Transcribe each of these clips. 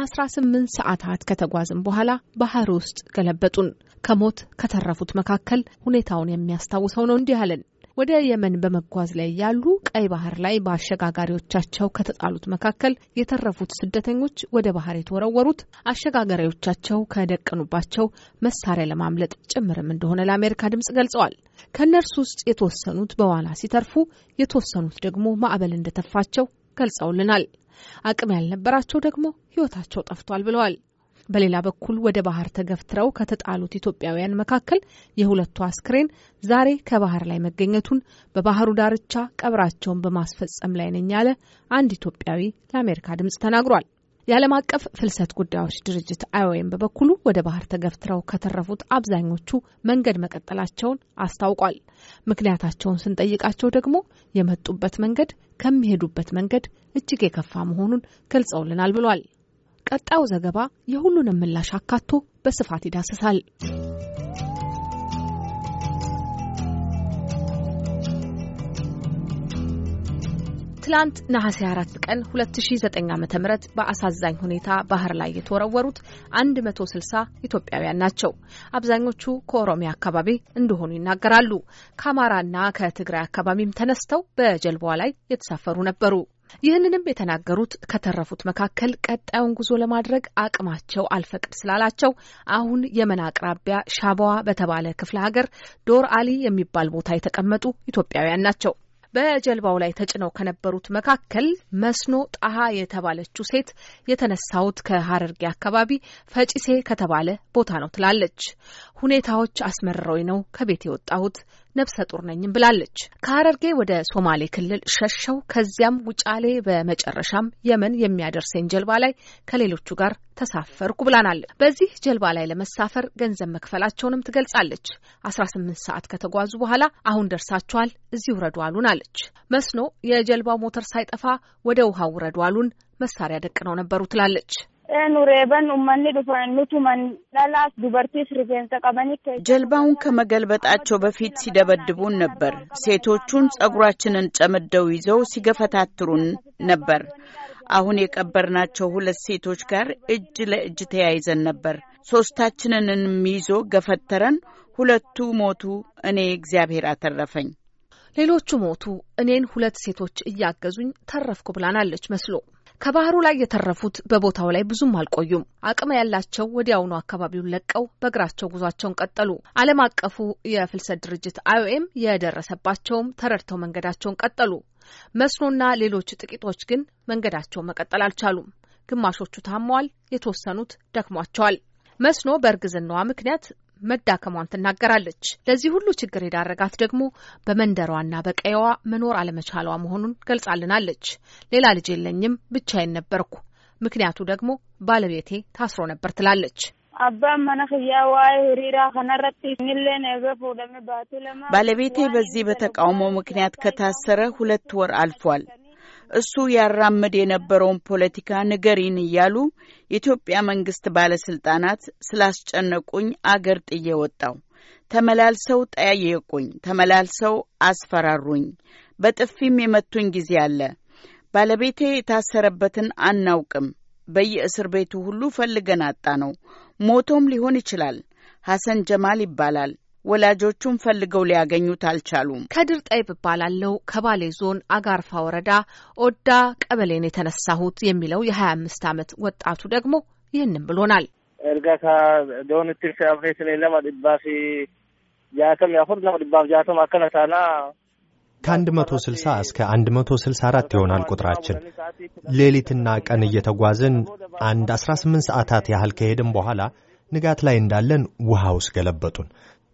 ለ18 ሰዓታት ከተጓዝን በኋላ ባህር ውስጥ ገለበጡን። ከሞት ከተረፉት መካከል ሁኔታውን የሚያስታውሰው ነው እንዲህ አለን። ወደ የመን በመጓዝ ላይ ያሉ ቀይ ባህር ላይ በአሸጋጋሪዎቻቸው ከተጣሉት መካከል የተረፉት ስደተኞች ወደ ባህር የተወረወሩት አሸጋጋሪዎቻቸው ከደቀኑባቸው መሳሪያ ለማምለጥ ጭምርም እንደሆነ ለአሜሪካ ድምጽ ገልጸዋል። ከእነርሱ ውስጥ የተወሰኑት በዋና ሲተርፉ፣ የተወሰኑት ደግሞ ማዕበል እንደተፋቸው ገልጸውልናል። አቅም ያልነበራቸው ደግሞ ህይወታቸው ጠፍቷል ብለዋል። በሌላ በኩል ወደ ባህር ተገፍትረው ከተጣሉት ኢትዮጵያውያን መካከል የሁለቱ አስክሬን ዛሬ ከባህር ላይ መገኘቱን በባህሩ ዳርቻ ቀብራቸውን በማስፈጸም ላይ ነኝ ያለ አንድ ኢትዮጵያዊ ለአሜሪካ ድምጽ ተናግሯል። የዓለም አቀፍ ፍልሰት ጉዳዮች ድርጅት አይኦኤም በበኩሉ ወደ ባህር ተገፍትረው ከተረፉት አብዛኞቹ መንገድ መቀጠላቸውን አስታውቋል። ምክንያታቸውን ስንጠይቃቸው ደግሞ የመጡበት መንገድ ከሚሄዱበት መንገድ እጅግ የከፋ መሆኑን ገልጸውልናል ብሏል። ቀጣዩ ዘገባ የሁሉንም ምላሽ አካቶ በስፋት ይዳስሳል። ትላንት ነሐሴ 4 ቀን 2009 ዓ.ም በአሳዛኝ ሁኔታ ባህር ላይ የተወረወሩት 160 ኢትዮጵያውያን ናቸው። አብዛኞቹ ከኦሮሚያ አካባቢ እንደሆኑ ይናገራሉ። ከአማራና ከትግራይ አካባቢም ተነስተው በጀልባዋ ላይ የተሳፈሩ ነበሩ። ይህንንም የተናገሩት ከተረፉት መካከል ቀጣዩን ጉዞ ለማድረግ አቅማቸው አልፈቅድ ስላላቸው አሁን የመን አቅራቢያ ሻባዋ በተባለ ክፍለ ሀገር ዶር አሊ የሚባል ቦታ የተቀመጡ ኢትዮጵያውያን ናቸው። በጀልባው ላይ ተጭነው ከነበሩት መካከል መስኖ ጣሃ የተባለችው ሴት የተነሳሁት ከሀረርጌ አካባቢ ፈጪሴ ከተባለ ቦታ ነው ትላለች። ሁኔታዎች አስመርረው ነው ከቤት የወጣሁት ነፍሰ ጡር ነኝም ብላለች። ከሀረርጌ ወደ ሶማሌ ክልል ሸሸው፣ ከዚያም ውጫሌ፣ በመጨረሻም የመን የሚያደርሰኝ ጀልባ ላይ ከሌሎቹ ጋር ተሳፈርኩ ብላናለች። በዚህ ጀልባ ላይ ለመሳፈር ገንዘብ መክፈላቸውንም ትገልጻለች። አስራ ስምንት ሰዓት ከተጓዙ በኋላ አሁን ደርሳችኋል፣ እዚህ ውረዱ አሉን አለች። መስኖ የጀልባው ሞተር ሳይጠፋ ወደ ውሃው ውረዱ አሉን፣ መሳሪያ ደቅነው ነበሩ ትላለች። ጀልባውን ከመገልበጣቸው በፊት ሲደበድቡን ነበር። ሴቶቹን ጸጉራችንን ጨምደው ይዘው ሲገፈታትሩን ነበር። አሁን የቀበርናቸው ሁለት ሴቶች ጋር እጅ ለእጅ ተያይዘን ነበር። ሶስታችንንም ይዞ ገፈተረን። ሁለቱ ሞቱ፣ እኔ እግዚአብሔር አተረፈኝ። ሌሎቹ ሞቱ፣ እኔን ሁለት ሴቶች እያገዙኝ ተረፍኩ ብላናለች መስሎ ከባህሩ ላይ የተረፉት በቦታው ላይ ብዙም አልቆዩም። አቅም ያላቸው ወዲያውኑ አካባቢውን ለቀው በእግራቸው ጉዟቸውን ቀጠሉ። ዓለም አቀፉ የፍልሰት ድርጅት አይኦኤም የደረሰባቸውም ተረድተው መንገዳቸውን ቀጠሉ። መስኖና ሌሎች ጥቂቶች ግን መንገዳቸውን መቀጠል አልቻሉም። ግማሾቹ ታመዋል፣ የተወሰኑት ደክሟቸዋል። መስኖ በእርግዝናዋ ምክንያት መዳከሟን ትናገራለች። ለዚህ ሁሉ ችግር የዳረጋት ደግሞ በመንደሯና በቀየዋ መኖር አለመቻሏ መሆኑን ገልጻልናለች። ሌላ ልጅ የለኝም፣ ብቻዬን ነበርኩ። ምክንያቱ ደግሞ ባለቤቴ ታስሮ ነበር ትላለች። ባለቤቴ በዚህ በተቃውሞ ምክንያት ከታሰረ ሁለት ወር አልፏል። እሱ ያራምድ የነበረውን ፖለቲካ ንገሪን እያሉ የኢትዮጵያ መንግስት ባለስልጣናት ስላስጨነቁኝ አገር ጥዬ ወጣው። ተመላልሰው ጠያየቁኝ፣ ተመላልሰው አስፈራሩኝ፣ በጥፊም የመቱኝ ጊዜ አለ። ባለቤቴ የታሰረበትን አናውቅም። በየእስር ቤቱ ሁሉ ፈልገን አጣ ነው። ሞቶም ሊሆን ይችላል። ሐሰን ጀማል ይባላል። ወላጆቹም ፈልገው ሊያገኙት አልቻሉም። ከድር ጠይብ እባላለሁ ከባሌ ዞን አጋርፋ ወረዳ ኦዳ ቀበሌን የተነሳሁት የሚለው የሀያ አምስት ዓመት ወጣቱ ደግሞ ይህንም ብሎናል። እርጋታ ዶን ትርፍ አብሬትን ለማ ድባፊ ጃተም ያሁር ለማ ድባፍ ጃተም አከነታና ከአንድ መቶ ስልሳ እስከ አንድ መቶ ስልሳ አራት ይሆናል ቁጥራችን። ሌሊትና ቀን እየተጓዝን አንድ አስራ ስምንት ሰዓታት ያህል ከሄድን በኋላ ንጋት ላይ እንዳለን ውሃ ውስጥ ገለበጡን።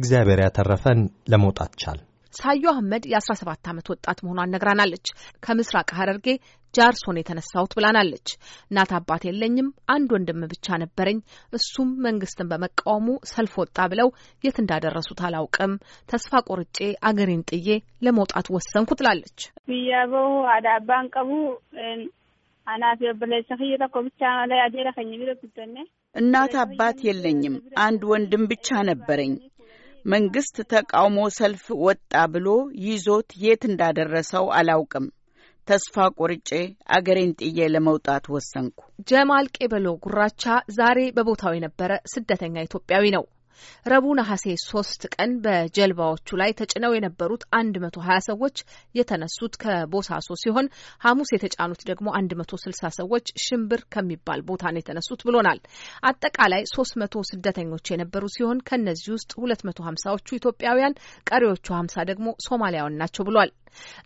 እግዚአብሔር ያተረፈን ለመውጣት ቻል። ሳዩ አህመድ የ17 ዓመት ወጣት መሆኗን ነግራናለች። ከምስራቅ ሐረርጌ ጃርሶን የተነሳሁት ብላናለች። እናት አባት የለኝም፣ አንድ ወንድም ብቻ ነበረኝ። እሱም መንግስትን በመቃወሙ ሰልፍ ወጣ ብለው የት እንዳደረሱት አላውቅም። ተስፋ ቆርጬ አገሬን ጥዬ ለመውጣት ወሰንኩ ትላለች። ብያበው አዳባን ቀቡ ብቻ እናት አባት የለኝም፣ አንድ ወንድም ብቻ ነበረኝ። መንግስት ተቃውሞ ሰልፍ ወጣ ብሎ ይዞት የት እንዳደረሰው አላውቅም። ተስፋ ቆርጬ አገሬን ጥዬ ለመውጣት ወሰንኩ። ጀማል ቄበሎ ጉራቻ ዛሬ በቦታው የነበረ ስደተኛ ኢትዮጵያዊ ነው። ረቡዕ ነሐሴ ሶስት ቀን በጀልባዎቹ ላይ ተጭነው የነበሩት አንድ መቶ ሀያ ሰዎች የተነሱት ከቦሳሶ ሲሆን ሐሙስ የተጫኑት ደግሞ አንድ መቶ ስልሳ ሰዎች ሽምብር ከሚባል ቦታ ነው የተነሱት ብሎናል። አጠቃላይ ሶስት መቶ ስደተኞች የነበሩ ሲሆን ከእነዚህ ውስጥ ሁለት መቶ ሀምሳዎቹ ኢትዮጵያውያን፣ ቀሪዎቹ ሀምሳ ደግሞ ሶማሊያውያን ናቸው ብሏል።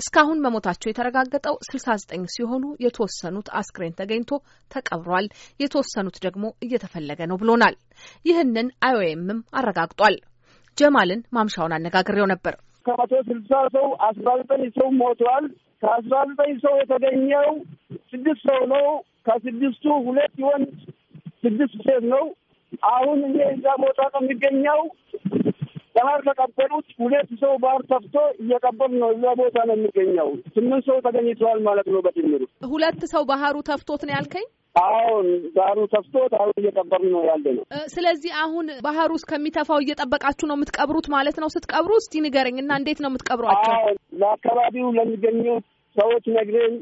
እስካሁን መሞታቸው የተረጋገጠው 69 ሲሆኑ የተወሰኑት አስክሬን ተገኝቶ ተቀብሯል፣ የተወሰኑት ደግሞ እየተፈለገ ነው ብሎናል። ይህንን አይኦኤምም አረጋግጧል። ጀማልን ማምሻውን አነጋግሬው ነበር። ከመቶ ስልሳ ሰው አስራ ዘጠኝ ሰው ሞቷል። ከአስራ ዘጠኝ ሰው የተገኘው ስድስት ሰው ነው። ከስድስቱ ሁለት ወንድ ስድስት ሴት ነው። አሁን እኔ እዛ ቦታ ከሚገኘው ባህር ተቀበሉት። ሁለት ሰው ባህር ተፍቶ እየቀበሉ ነው። እዛ ቦታ ነው የሚገኘው። ስምንት ሰው ተገኝተዋል ማለት ነው በድምሩ። ሁለት ሰው ባህሩ ተፍቶት ነው ያልከኝ? አሁን ባህሩ ተፍቶት አሁን እየቀበሉ ነው ያለ ነው። ስለዚህ አሁን ባህሩ እስከሚተፋው እየጠበቃችሁ ነው የምትቀብሩት ማለት ነው። ስትቀብሩ እስቲ ንገረኝ እና እንዴት ነው የምትቀብሯቸው? ለአካባቢው ለሚገኙት ሰዎች ነግረን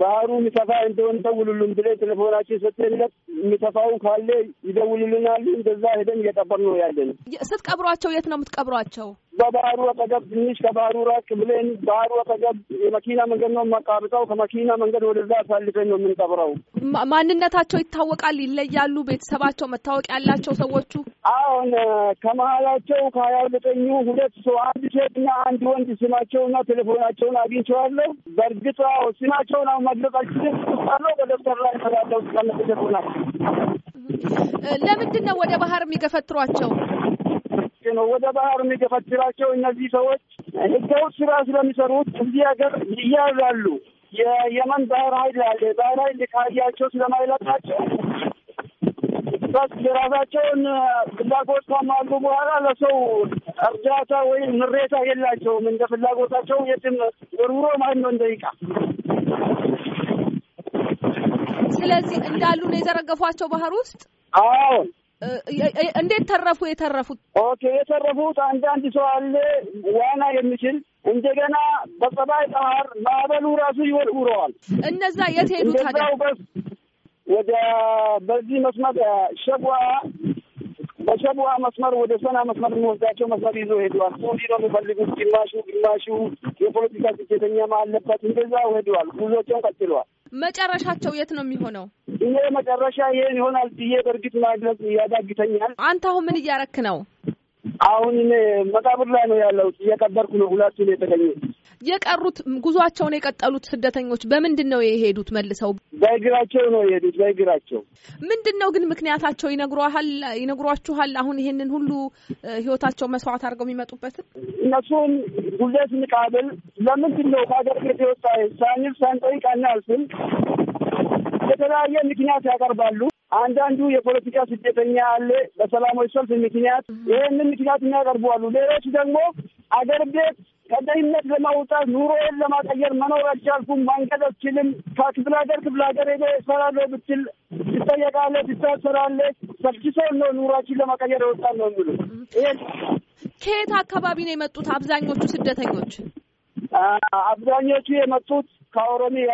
ባህሩ የሚተፋ እንደሆን ደውሉልን ብለ ቴሌፎናችን ሰጥተንለት የሚተፋውን ካለ ይደውሉልናሉ። እንደዛ ሄደን እየጠበቅ ነው ያለን። ስትቀብሯቸው የት ነው የምትቀብሯቸው? በባህሩ አጠገብ ትንሽ ከባህሩ ራቅ ብለን ባህሩ አጠገብ የመኪና መንገድ ነው የማቋርጠው። ከመኪና መንገድ ወደዛ አሳልፈን ነው የምንጠብረው። ማንነታቸው ይታወቃል፣ ይለያሉ። ቤተሰባቸው መታወቂያ ያላቸው ሰዎቹ አሁን ከመሀላቸው ከሀያ ሁለተኙ ሁለት ሰው አንድ ሴትና አንድ ወንድ ስማቸውና ቴሌፎናቸውን አግኝቸዋለሁ። በእርግጥ ስማቸውን አሁን መግለጽ አልችልም። ስጣለው በደብተር ላይ ተላለው ስጣለ ናቸው። ለምንድን ነው ወደ ባህር የሚገፈትሯቸው? ነው ወደ ባህር የሚገፈትራቸው። እነዚህ ሰዎች ህገወጥ ስራ ስለሚሰሩት እዚህ ሀገር ይያዛሉ። የየመን ባህር ኃይል አለ። ባህር ኃይል ካያቸው ስለማይለቃቸው የራሳቸውን ፍላጎት ካሟሉ በኋላ ለሰው እርዳታ ወይም ምሬታ የላቸውም። እንደ ፍላጎታቸው የትም ወርውሮ ማን ነው እንደይቃ ስለዚህ እንዳሉ ነው የዘረገፏቸው ባህር ውስጥ አዎን እንዴት ተረፉ? የተረፉት ኦኬ፣ የተረፉት አንዳንድ ሰው አለ ዋና የሚችል እንደገና በጸባይ ባህር ማዕበሉ ራሱ ይወርውረዋል። እነዛ የት ሄዱ ታዲያ? ወደ በዚህ መስመር ሸዋ በሸዋ መስመር ወደ ሰና መስመር የሚወስዳቸው መስመር ይዞ ሄደዋል። ሱሪ ነው የሚፈልጉት። ግማሹ ግማሹ የፖለቲካ ስኬተኛ አለበት። እንደዛ ሄደዋል። ጉዞቸውን ቀጥለዋል። መጨረሻቸው የት ነው የሚሆነው? ይሄ መጨረሻ ይሄን ይሆናል ብዬ በእርግጥ ማድረግ እያዳግተኛል። አንተ አሁን ምን እያረክ ነው? አሁን መቃብር ላይ ነው ያለው፣ እየቀበርኩ ነው። ሁለቱ የተገኘ የቀሩት ጉዟቸውን የቀጠሉት ስደተኞች በምንድን ነው የሄዱት? መልሰው በእግራቸው ነው የሄዱት። በእግራቸው ምንድን ነው ግን ምክንያታቸው ይነግሯል ይነግሯችኋል? አሁን ይሄንን ሁሉ ህይወታቸው መስዋዕት አድርገው የሚመጡበትን እነሱን ጉለት ንቃብል ለምንድን ነው ከሀገር ቤት የወጣ ሳንል ሳንጠይቅ አናልፍም። የተለያየ ምክንያት ያቀርባሉ። አንዳንዱ የፖለቲካ ስደተኛ አለ፣ በሰላማዊ ሰልፍ ምክንያት ይህንን ምክንያት የሚያቀርቡ አሉ። ሌሎች ደግሞ አገር ቤት ከድህነት ለማውጣት ኑሮዬን ለማቀየር መኖር አልቻልኩም፣ ማንቀድ አልችልም። ከክፍለ ሀገር ክፍለ ሀገር ሄደ እሰራለሁ ብትል ትጠየቃለህ፣ ትታሰራለህ። ሰብችሰው ነው ኑሯችን ለማቀየር የወጣ ነው የሚሉ ከየት አካባቢ ነው የመጡት? አብዛኞቹ ስደተኞች አብዛኞቹ የመጡት ከኦሮሚያ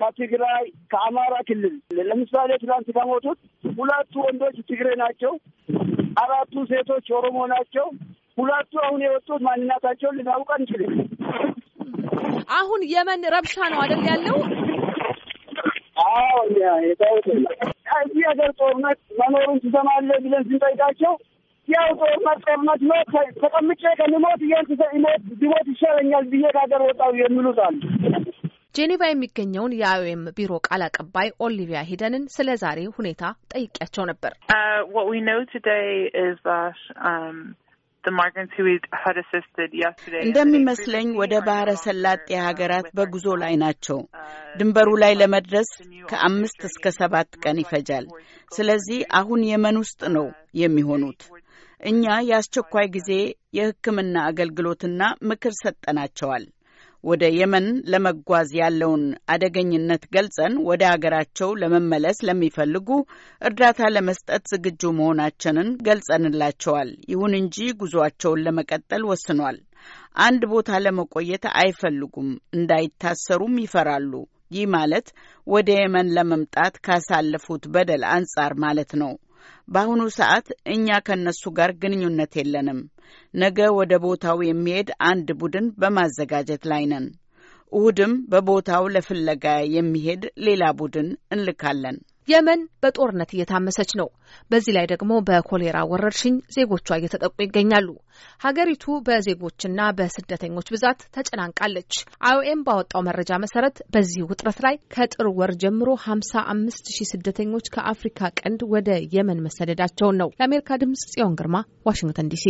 ከትግራይ ከአማራ ክልል ለምሳሌ ትናንት ከሞቱት ሁለቱ ወንዶች ትግሬ ናቸው፣ አራቱ ሴቶች ኦሮሞ ናቸው። ሁለቱ አሁን የወጡት ማንነታቸውን ልናውቅ አንችልም። አሁን የመን ረብሻ ነው አይደል ያለው? አዎ እዚህ ሀገር ጦርነት መኖሩን ትሰማለህ ብለን ስንጠይቃቸው ያው ጦርነት ጦርነት ነው ተቀምጬ ከንሞት እያንስ ቢሞት ይሻለኛል ብዬ ከሀገር ወጣው የሚሉት አሉ። ጄኔቫ የሚገኘውን የአይኦኤም ቢሮ ቃል አቀባይ ኦሊቪያ ሂደንን ስለ ዛሬ ሁኔታ ጠይቂያቸው ነበር። uh, እንደሚመስለኝ ወደ ባህረ ሰላጤ uh, ሀገራት በጉዞ ላይ ናቸው። uh, ድንበሩ ላይ ለመድረስ ከአምስት እስከ ሰባት ቀን ይፈጃል። ስለዚህ አሁን የመን ውስጥ uh, ነው የሚሆኑት። እኛ የአስቸኳይ ጊዜ የሕክምና አገልግሎትና ምክር ሰጠናቸዋል። ወደ የመን ለመጓዝ ያለውን አደገኝነት ገልጸን ወደ አገራቸው ለመመለስ ለሚፈልጉ እርዳታ ለመስጠት ዝግጁ መሆናችንን ገልጸንላቸዋል። ይሁን እንጂ ጉዞአቸውን ለመቀጠል ወስኗል። አንድ ቦታ ለመቆየት አይፈልጉም፣ እንዳይታሰሩም ይፈራሉ። ይህ ማለት ወደ የመን ለመምጣት ካሳለፉት በደል አንጻር ማለት ነው። በአሁኑ ሰዓት እኛ ከነሱ ጋር ግንኙነት የለንም። ነገ ወደ ቦታው የሚሄድ አንድ ቡድን በማዘጋጀት ላይ ነን። እሁድም በቦታው ለፍለጋ የሚሄድ ሌላ ቡድን እንልካለን። የመን በጦርነት እየታመሰች ነው። በዚህ ላይ ደግሞ በኮሌራ ወረርሽኝ ዜጎቿ እየተጠቁ ይገኛሉ። ሀገሪቱ በዜጎችና በስደተኞች ብዛት ተጨናንቃለች። አይኦኤም ባወጣው መረጃ መሰረት በዚህ ውጥረት ላይ ከጥር ወር ጀምሮ 55 ሺህ ስደተኞች ከአፍሪካ ቀንድ ወደ የመን መሰደዳቸውን ነው። የአሜሪካ ድምጽ ጽዮን ግርማ ዋሽንግተን ዲሲ